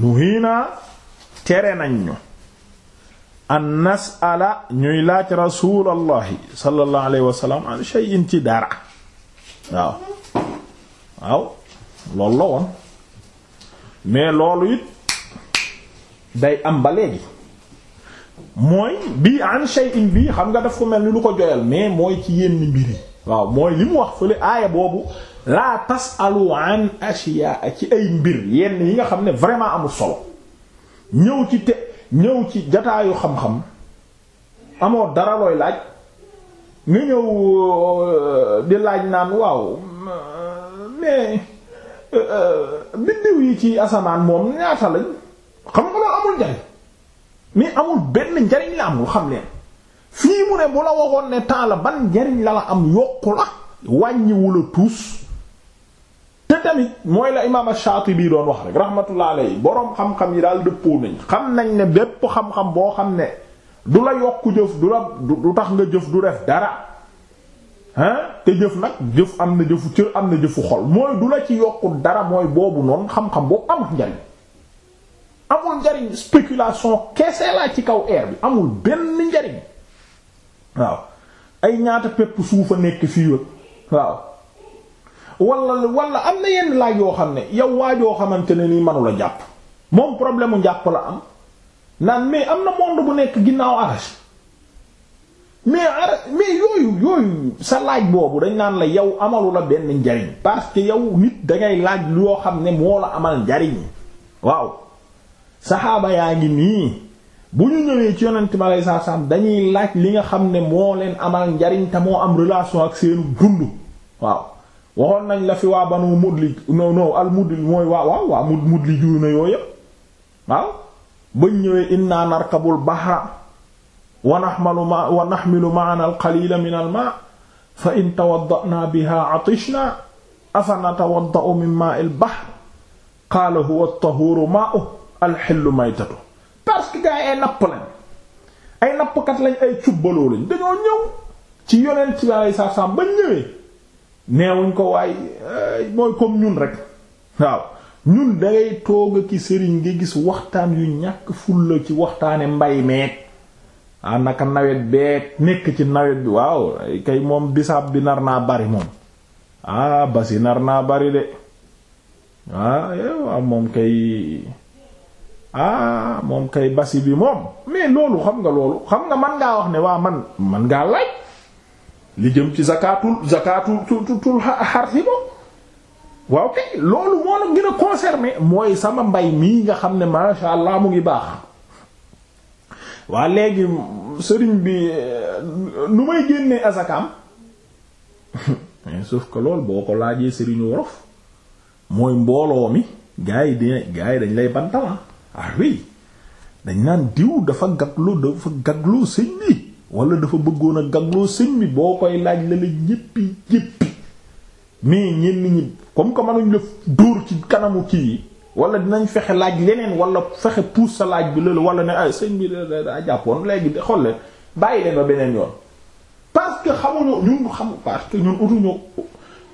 nuhiina tere nañ ñu an nasala ñuy laaj rasulallahi sallallahu alayhi wa sallam an shay'in ci dara waaw waaw loolu la woon mais loolu it day am ba léegi mooy bii an shay'in bii xam nga daf ko mel ni lu ko joyal mais mooy ci yenn mbir waaw mooy li mu wax fële aaya boobu laa tasalu an ashiya ci ay mbir yenn yi nga xam ne vraiment amul solo ñëw ci te ñëw ci jataayu xam-xam amoo dara looy laaj nga ñëw euh, di laaj naan waaw mais euh, biddiw yi ci asamaan moom ñaata lañ xam nga loolu amul njariñ mais amul benn njariñ la amul xam leen fii mu ne bu la waxoon ne temps la ban njariñ la la am yokku la wàññiwula tuus te tamit mooy la imaam Shaatibi doon wax rek rahmatullah boroom xam-xam yi daal dëppoo nañ xam nañ ne bépp xam-xam boo xam ne du la yokk jëf du la du tax nga jëf du def dara hein te jëf nag jëf am na jëfu cër am na jëfu xol mooy du la ci yokku dara mooy boobu noonu xam-xam boobu amul njariñ amul njariñ spéculation kese laa ci kaw air bi amul benn njariñ waaw ay ñaata pepp suufa nekk fii waaw wala wala am na yenn laaj yoo xam ne yow waajoo xamante ne nii manula jàpp moom problème mu njàpp la am naan mais am na monde bu nekk ginnaaw arash mais arash mais yooyu yooyu sa laaj boobu dañ naan la yow amalu la benn njariñ parce que yow nit dangay laaj loo xam ne moo la amal njariñ waaw saxaaba yaa ngi nii bu ñu ñëwee ci yonent bi aleyhi salaatu dañuy laaj li nga xam ne moo leen amal njariñ te moo am relation ak seenu dund waaw waxoon nañ la fi waa banu mudlij non non al mudlij mooy waa waaw waa mud mudlijuuna yooyu yépp waaw bañ ñëwee inna narkabul bahra wa nahmalu ma wa nahmilu ma'ana al qalila min al ma' fa in tawadda'na biha atishna afa natawadda'u min ma'il bahr qaala huwa at-tahuru ma'uhu al hillu maytatuhu parce que gaa yi ay napp lañ ay nappkat lañ ay cubbaloo lañ dañoo ñëw ci yonent bi alayhi salaam bañ ñëwee neewuñ ko waay mooy comme ñun rek waaw ñun dangay toog ki sëriñ ngi gis waxtaan yu ñàkk fulla ci waxtaane mbay meeg ah naka nawet beeg nekk ci nawet bi waaw kay moom bisaab bi nar naa bari moom ah, basi nar naa bari de ah waaw ah, moom kay ah moom kay basi bi moom mais loolu xam nga loolu xam nga man ngaa wax ne waa man man ngaa laaj li jëm ci zakatul zakatul tutul xar si bo waaw kay loolu moo la gën a concerné mooy sama mbay mii nga xam ne masha allah mu ngi baax waa léegi sëriñ bi euh, nu may génnee azakam sauf que loolu boo ko laajee sëriñu worof mooy mbooloo mi gaa yi di gaa yi dañ lay bantala ah. ah oui dañ naan diw dafa gaglu dafa gaglu sëñ bi wala dafa bëggoon a gagloo sëñ bi boo koy laaj la la jéppi jéppi mais ñenn ñi comme que mënuñ def dóor ci kanamu kii yi wala dinañ fexe laaj yeneen wala fexe puus sa laaj bi la wala ne ay ah sëñ bi daa jàppoon léegi xool leen bàyyi leen ba beneen yoon parce que xamuñu ñun xam parce ñun utuñu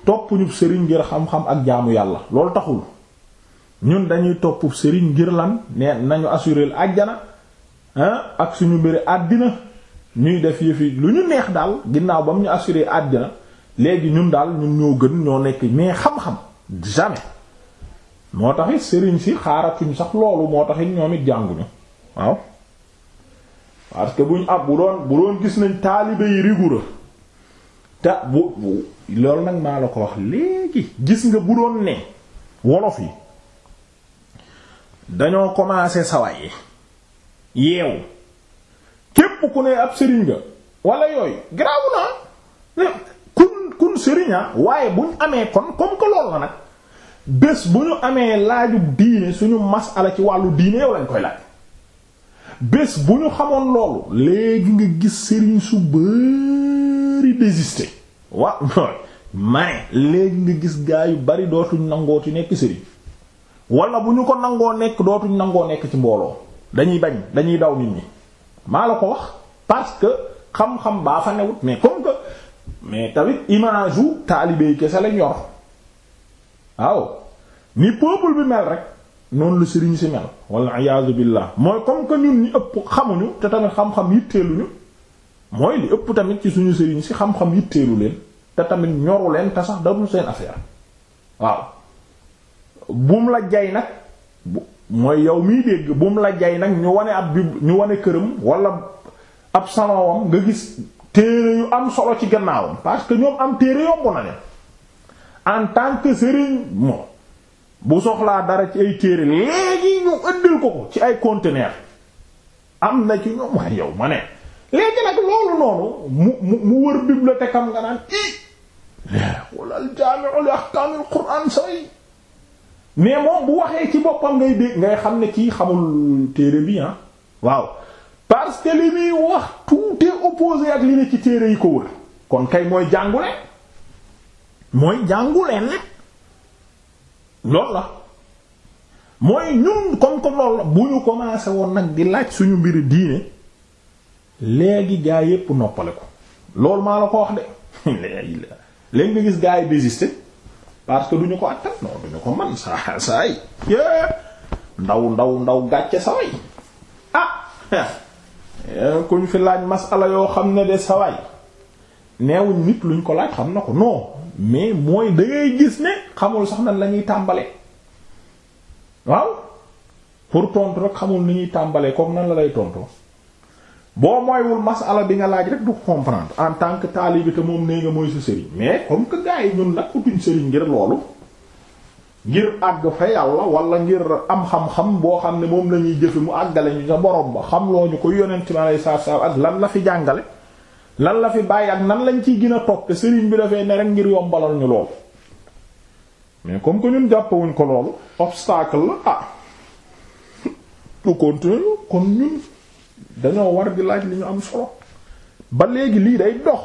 topp ñu sëriñ ngir xam-xam ak jaamu yàlla loolu taxul ñun dañuy topp sëriñ ngir lan ne nañu assurer àjjana ah ak suñu mbiri àddina ñuy def yëfi lu ñu neex daal ginnaaw ba mu ñu assuré àddina léegi ñun daal ñun ñoo gën ñoo nekk mais xam-xam jamais moo taxit sëriñ si xaaratuñ sax loolu moo taxit ñoom jànguñu waaw parce que buñ ab bu bu doon gis nañ taalibe yi rigoureux te bu bu loolu nag maa la ko wax léegi gis nga bu doon ne wolof yi dañoo commencé sawaye yeewu képp ku ne ab sëriñ nga wala yooy garaawu naa kun kun sëriña ah. waaye bu ñu amee kon comme que lool la nag bés bu ñu amee laajub diine suñu masala ci wàllu diine yow lañ koy laaj bés bu ñu xamoon loolu léegi nga gis sëriñ su bari désister waaw mane léegi nga gis gaa yu bari dootuñ nangoo ci nekk sëriñ wala bu ñu ko nangoo nekk dootuñ nangoo nekk ci mbooloo dañuy bañ dañuy daw nit ñi maa la ko wax parce que xam-xam baa fa newut mais comme que mais tamit image u taalibey kese la ñor waaw ni peuple bi mel rek noonu lu sëriñ si mel walla iyaazu billah mooy comme que ñun ñu ëpp xamuñu te tamit xam-xam yitteeluñu mooy li ëpp tamit ci suñu sëriñ si xam-xam yitteelu leen te tamit ñoru leen te sax darul seen affaire waaw buum la jay nag mooy yow mii dégg bu mu la jay nag ñu wane ab ñu wane këram wala ab salowam nga gis téere yu am solo ci gannaawam parce que ñoom am téere yomb na leen en tant que sëriñ mo bu soxlaa dara ci ay téere léegi ñu ëndil ko ko ci ay conteneur am na ci ñoom waaye yow ma ne léegi nag loolu noonu mu mu wër bibliothèque am nga naan i walal jaami'ul ahkaamul qur'aan say mais moom bu waxee ci boppam ngay dégg ngay xam ne kii xamul téere bi ah waaw parce que li muy wax tout est ak li ne ci téere yi ko wër kon kay mooy jàngule mooy jàngule ne loolu la mooy ñun comme comme loolu la bu ñu commencé woon nag di laaj suñu mbiri diine léegi gaa yépp noppale ko loolu maa la ko wax de léegi nga gis gaa yi désisté parce que du ñu ko attan non du ñu ko man saa saa yi ndaw ndaw ndaw gàcce saway ah kuñ fi laaj masala yoo xam ne de saway neewuñ nit luñ ko laaj xam na ko non mais mooy da gis ne xamul sax na la ñuy tàmbalee waaw pour tontu rek xamul ni ñuy tàmbalee kook nan la lay tontu boo mooywul ala bi nga laaj rek du comprendre en tant que taalibe te moom nee nga mooy sa sëriñ mais comme que gars yi ñun nag utuñ sëriñ ngir loolu ngir àgg fa yàlla wala ngir am xam-xam boo xam ne moom la ñuy jëfe mu àggale ñu sa borom ba xam loo ñu ko yonent mi alei saatu salaam ak lan la fi jàngale lan la fi bàyyi ak nan lañ ciy gën a topp te sëriñ bi dafay ne rek ngir yombalal ñu loolu mais comme que ñun jàppawuñ ko loolu obstacle la ah tu continuer dañoo war di laaj li ñu am solo ba léegi lii day dox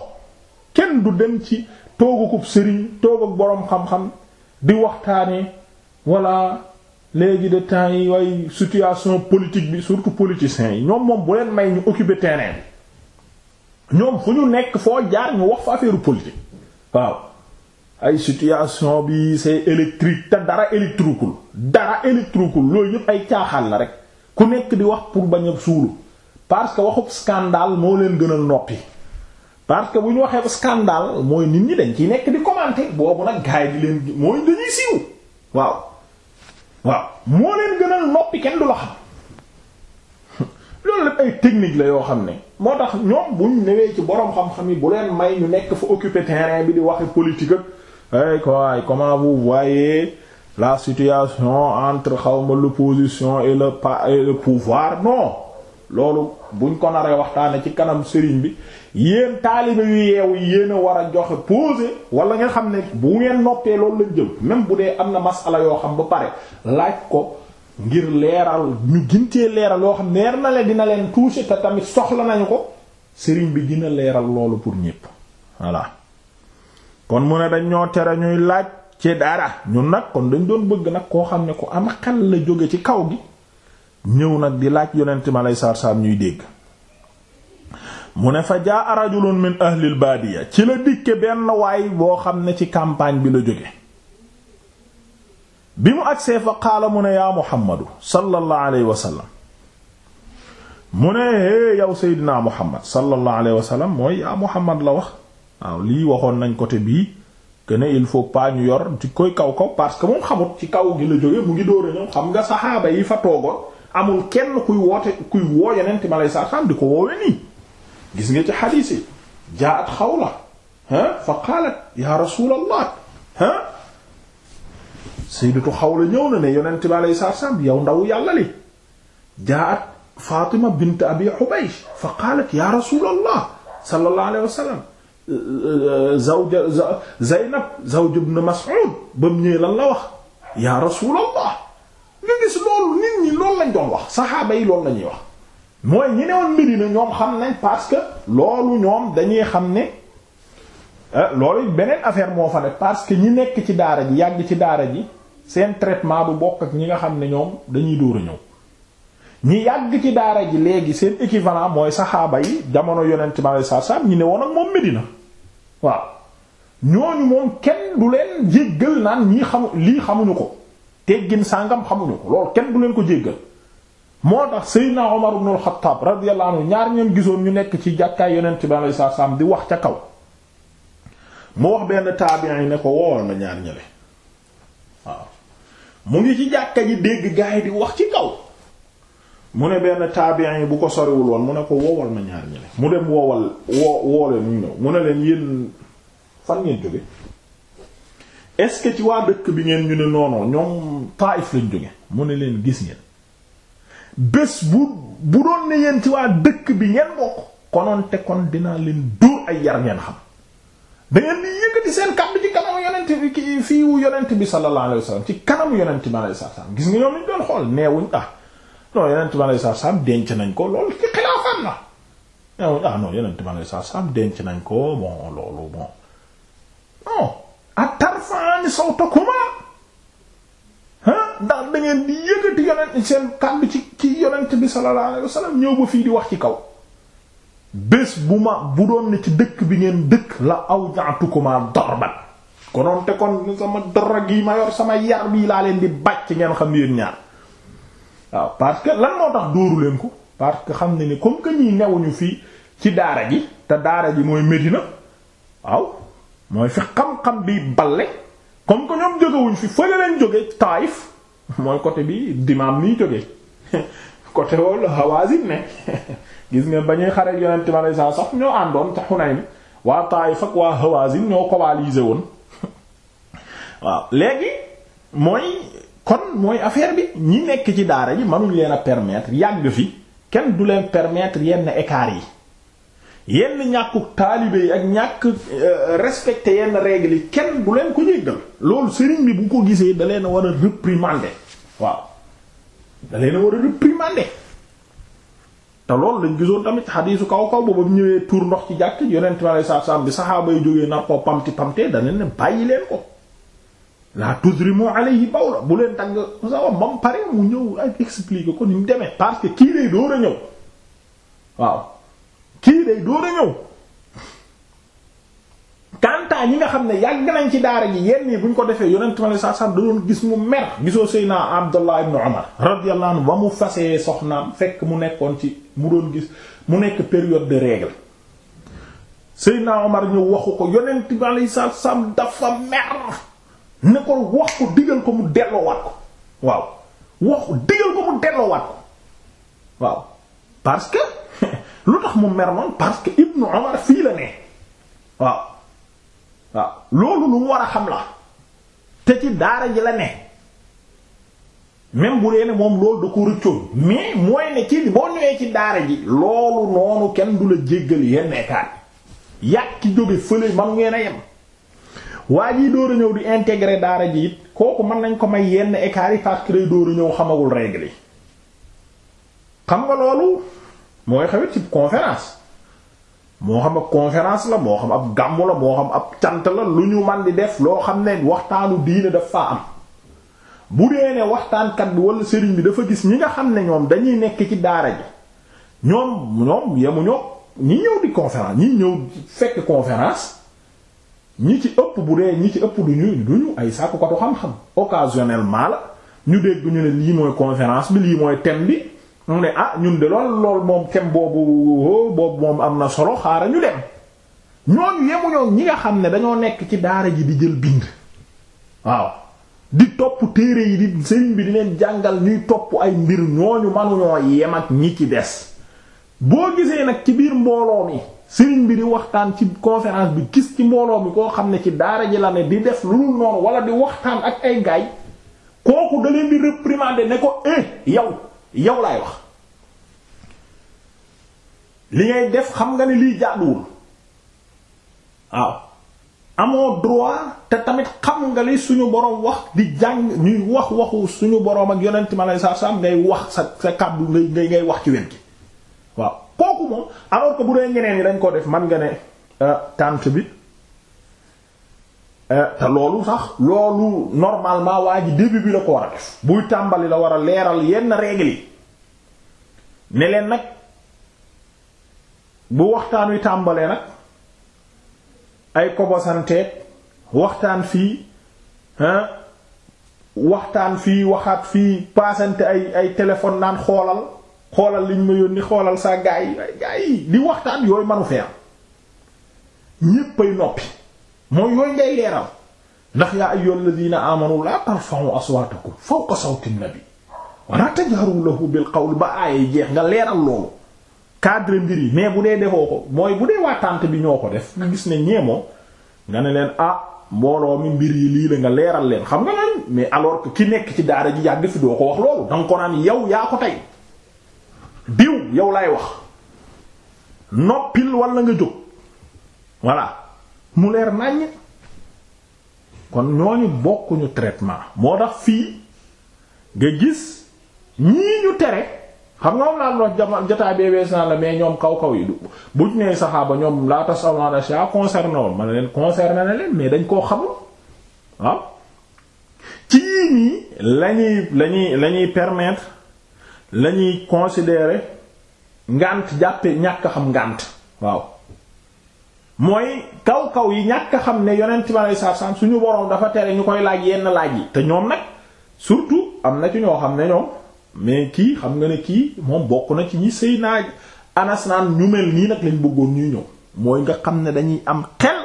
kenn du dem ci toogakub sëriñ toog boroom xam-xam di waxtaanee walla léegi de temps yi waaye situation politique bi surtout politiciens yi ñoom moom bu leen may ñu occuper terrain bi ñoom fu ñu nekk foo jaar ñu wax fa affaire politique waaw ay situation bi c'est électrique te dara électricul dara électricul loolu yëpp ay caaxaan la rek ku nekk di wax pour bañ a suulu parce que waxub scandale moo leen gënal noppi parce que bu ñu waxee scandale mooy nit ñi dañ ciy nekk di commenter boobu nag gaay di leen mooy dañuy siiw waaw gënal noppi kenn du la xam loolu lépp ay technique la yoo xam ne moo tax ñoom buñ newee ci boroom xam-xam yi bu leen may ñu nekk fa occuper terrain bi di waxe politique ak ay quoi comment vous voyez la situation entre xawma l'opposition et le et le pouvoir non loolu buñ ko naree waxtaane ci kanam sëriñ bi yéen taalibe yu yeewu yéen a war a joxe posé wala nga xam ne bu ngeen noppee loolu lañ jël même bu dee am na masala yoo xam ba pare laaj ko ngir leeral ñu gintee leeral yoo xam neer na leen dina leen touché te tamit soxla nañu ko sëriñ bi dina leeral loolu pour ñépp voilà kon mu ne dañ ñoo tere ñuy laaj ci dara ñun nag kon dañ doon bëgg nag koo xam ne ku am la jóge ci kaw gi ñëw nag di laaj yonent mi aleyhi salaatu ñuy dégg mu ne fa jaa rajulun min ahlil baadiya ci la dikke benn waay boo xam ne ci campagne bi la jóge bi mu agsee fa qaala mu ne yaa muhammadu sallallahu alayhi wa sallam mu ne hee yow seydinaa muhammad sallallahu alayhi wa mooy yaa muhammad la wax waaw lii waxoon nañ côté bii que il faut pas ñu yor ci koy kaw ko parce que moom xamut ci kaw gi la jóge mu ngi dóora ñoom xam nga saxaaba yi fa toogoon amul kenn kuy woote kuy woo yeneen ma lay saa di ko woowe gis nga ci xadiis yi jaat xawla ha fa qaalat ya rasulallah ha sayyidatu xawla ñëw na ne yonent bi alayhi salaatu salaam yow ndaw yàlla li jaat Fatima bint Abi Hubaysh fa qaalat ya rasulallah sallallahu alayhi wa sallam zawja Zaynab zawj la wax ya rasulallah loolu lañ doon wax saxaaba yi loolu lañuy wax mooy ñi newoon Medina ñoom xam nañ parce que loolu ñoom dañuy xam ne euh, loolu beneen affaire moo fa ne parce que ñi nekk ci daara ji yàgg ci daara ji seen traitement bu bokk ak ñi nga xam ne ñoom dañuy dóor a ñëw ñi yàgg ci daara ji léegi seen équivalent mooy saxaaba yi jamono yonent ma saa saa ñi ne woon ak moom Medina waaw ñooñu moom kenn du leen jéggal naan ñii xamu lii xamuñu ko teggin sàngam xamuñu ko loolu kenn du leen ko jéggal moo tax Seydina Omar ibn al-Khattab radiyallahu anhu ñaar ñoom gisoon ñu nekk ci jàkkaay yonent bi alayhi salaam di wax ca kaw mu wax benn taabi'i ne ko woowal ma ñaar ñële mu ngi ci jàkka ji dégg gaa yi di wax ci kaw mu ne benn taabi'i bu ko soriwul woon mu ne ko woowal ma ñaar ñële mu dem woowal woo woo leen ñu ñëw mu ne leen yéen fan ngeen jóge est-ce que ci waa dëkk bi ngeen ñu ne noonoo ñoom Taif lañ jóge mu ne leen gis ngeen bés bu bu doon ne yéen waa dëkk bi ngeen bokk konoon te kon dinaa leen dóor ay yar ngeen xam da ngeen di yëkkati seen kàddu ci kanamu yonent bi ki fii wu yonent ci kanamu yonent bi sallallahu alayhi wasallam gis nga ñoom ñu doon xool neewuñ ah non yonent bi sallallahu alayhi wasallam denc nañ ko loolu ci xilaafam la neewuñ ah non yonent bi sallallahu alayhi wasallam denc nañ ko bon loolu bon non ak tarfa'ani sawtakumaa ndax da ngeen di yëkkati yonent seen kàddu ci ci yonent bi sallallahu alayhi wasallam ñëw ba fii di wax ci kaw bés bu ma bu doon ne ci dëkk bi ngeen dëkk la awja'tukumaa darban konoon te kon sama dara gi ma yor sama yar bi laa leen di bàcc ngeen xam yéen ñaar waaw parce que lan moo tax dóoru leen ko parce que xam ne ni comme que ñii newuñu fii ci daara ji te daara ji mooy Medina waaw mooy fi xam-xam bi bale comme que ñoom jógewuñ fi fële leen jóge Taayif mooy côté bi dimaam nii jóge côté woowu la Hawazin ne gis nga ba ñuy xare yonent bi alayhi salaam sax ñoo àndoon ca Hunayn waa Taayif ak waa Hawazin ñoo coalisé woon waaw léegi mooy kon mooy affaire bi ñi nekk ci daara ji mënuñ leen a permettre yàgg fi kenn du leen permettre yenn écart yi yenn ñàkkuk taalibe ak ñàkk euh, respecté yenn règles yi kenn du leen ko jéggal loolu sëriñ bi bu ko gisee da leen a war a réprimander waaw da leen a war a réprimander te loolu lañ gisoon tamit xadiisu kaw kaw boobu ñëwee tuur ndox ci jàkk yonent ma lay saab bi saxaaba yi jógee nar koo pamti pamtee da leen ne bàyyi leen ko la tuzrimu alayhi bawla bu leen tagg sa mu pare mu ñëw ak expliquer ko ni mu demee parce que kii lay doo a ñëw waaw kii day door a ñëw kantaa ñi nga xam ne yàgg nañ ci daara ji yenn yi bu ñu ko defee yonent ma ne saa saa da doon gis mu mer gisoo Seydina Abdullah ibn Umar radiyallahu anhu ba mu fasee soxnaam fekk mu nekkoon ci mu doon gis mu nekk période de règle Seydina Umar ñu waxu ko yonent ma ne saa dafa mer ne ko wax ko digal ko mu delloowaat ko waaw wax digal ko mu delloowaat ko waaw parce que lu tax mu mer parce que Ibnu Umar fii la ne waaw waaw loolu lu mu war a xam la te ci daara ji la ne même bu dee ne moom loolu da ko rëccoon mais mooy ne ci boo ñëwee ci daara ji loolu noonu kenn du la jéggal yenn état yàq ci jóge fële man ngeen a yem waa jii door a ñëw di intégrer daara ji it kooku mën nañ ko may yenn écart yi parce que day a ñëw xamagul règle xam nga loolu. mooy xewet ci conférence moo xam ab conférence la moo xam ab gàmmu la moo xam ab cant la lu ñu man di def loo xam ne waxtaanu diine daf faa am bu dee ne waxtaankat bi wala sëriñ bi dafa gis ñi nga xam ne ñoom dañuy nekk ci daara ji ñoom ñoom yemuñoo ñi ñëw di conférence ñi ñëw fekk conférence ñi ci ëpp bu dee ñi ci ëpp du ñu du ñu ay sàkkukatu xam-xam occasionnellement la ñu dégg ñu ne lii mooy conférence bi lii mooy thème bi. mu ne ah ñun de lool lool moom thème boobu oh, boobu moom am na solo xaaral ñu dem ñooñu yemuñoo ñi nga xam ne dañoo nekk ci daara ji di jël bind waaw di topp téere yi di sëriñ bi di leen jàngal ñuy topp ay mbir ñooñu manuñoo yem ak ñi ci des boo gisee nag ci biir mbooloo mi sëriñ bi di waxtaan ci conférence bi gis ci mbooloo mi koo xam ne ci daara ji la ne di def lu noonu wala di waxtaan ak ay gaay kooku da leen di réprimander ne ko eh yow yow laay wax li ngay def xam nga ne lii jaaduwul waaw amoo droit te tamit xam nga li suñu boroom wax di jàng ñuy wax waxu suñu boroom ak yonent ma lay sarsam ngay wax sa sa kàddu ngay ngay wax ci wet gi waaw kooku moom alors que bu dee ñeneen yi dañ koo def man nga ne euh, tànt bi Eh, te loolu sax loolu normalement waa ji début bi la ko war a def buy tàmbali la war a leeral yenn règle yi nag bu waxtaan wi tàmbalee nag ay kobosanteeg waxtaan fii waxtaan fii waxaat fii paasante ay ay téléphone naan xoolal xoolal liñ ma yónni xoolal saa gaa yi gaa yi di waxtaan yooyu manu fee am ñéppay noppi mooy yooyu ngay leeral ndax yaa ayyuhal ladina amanu la tarfa'u aswatakum fawqa sawti nabi wa la tajharu lahu bil qawl ba aaye jeex nga leeral loolu cadre mbir yi mais bu dee defoo ko mooy bu dee waa tànt bi ñoo ko def nga gis ne ñeemoo nga ne leen ah mbooloo mi mbir yi lii la nga leeral leen xam nga lan mais alors que ki nekk ci daara ji yàgg fi doo ko wax loolu danga ko naan yow yaa ko tey diw yow laay wax noppil wala nga jóg voilà mu leer naññ kon ñooñu bokkuñu traitement moo tax fii nga gis ñii ñu tere xam nga moom laa wax jama jotaay bee naa la mais ñoom kaw kaw yi bu buñ nee saxaaba ñoom laata samaana si concerné woon man leen concerné na leen mais dañ koo xamul waaw ci yii nii lañuy lañuy lañuy permettre lañuy considérer ngànt jàppe ñàkk xam ngànt waaw mooy kaw kaw yi ñàkk xam ne yonent bi alayhi salaam suñu boroom dafa tere ñu koy laaj yenn laaj yi te ñoom nag surtout am na ci ñoo xam ne ñoom mais kii xam nga ne kii moom bokk na ci ñi sëy naa anas naan ñu mel nii nag lañ bëggoon ñuy ñëw mooy nga xam ne dañuy am xel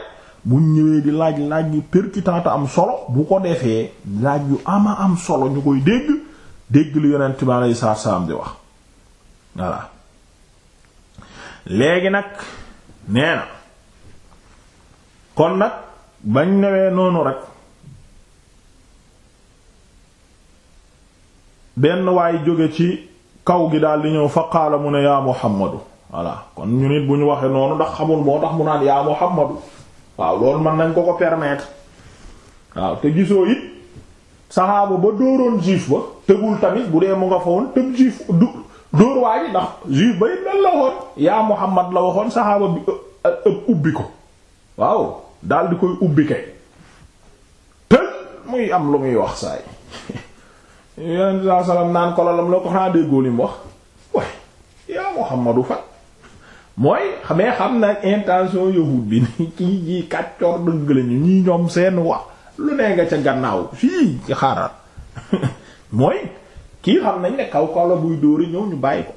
bu ñëwee di laaj laaj yu pertinent am solo bu ko defee laaj yu ama am solo ñu koy dégg dégg lu yonent bi alayhi salaam di wax voilà léegi nag nee na kon nag bañ newee noonu rek benn waay jóge ci kaw gi daal di ñëw fa qaala mu ne yaa muhammadu voilà kon ñu nit bu ñu waxee noonu ndax xamul moo tax mu naan yaa muhammadu waaw loolu mën nañ ko ko permettre waaw te gisoo it saxaaba ba dóoroon juif ba tëgul tamit bu dee mu nga fa woon tëb juif du dóor waaye ndax juif ba it lan la waxoon yaa muhammad la waxoon saxaaba ubbi ko waaw daal di koy ubbi kay tëj muy am lu muy wax saay yonent naan ko lalam la ko xanaa déggoo li wax way yaa Muhammadu fa mooy xamee xam na intention yahud bi ni kii ji dëgg lañu ñii ñoom seen wax lu nee nga ca gannaaw fii xaaral mooy kii xam nañ ne kaw la buy dóori ñëw ñu bàyyi ko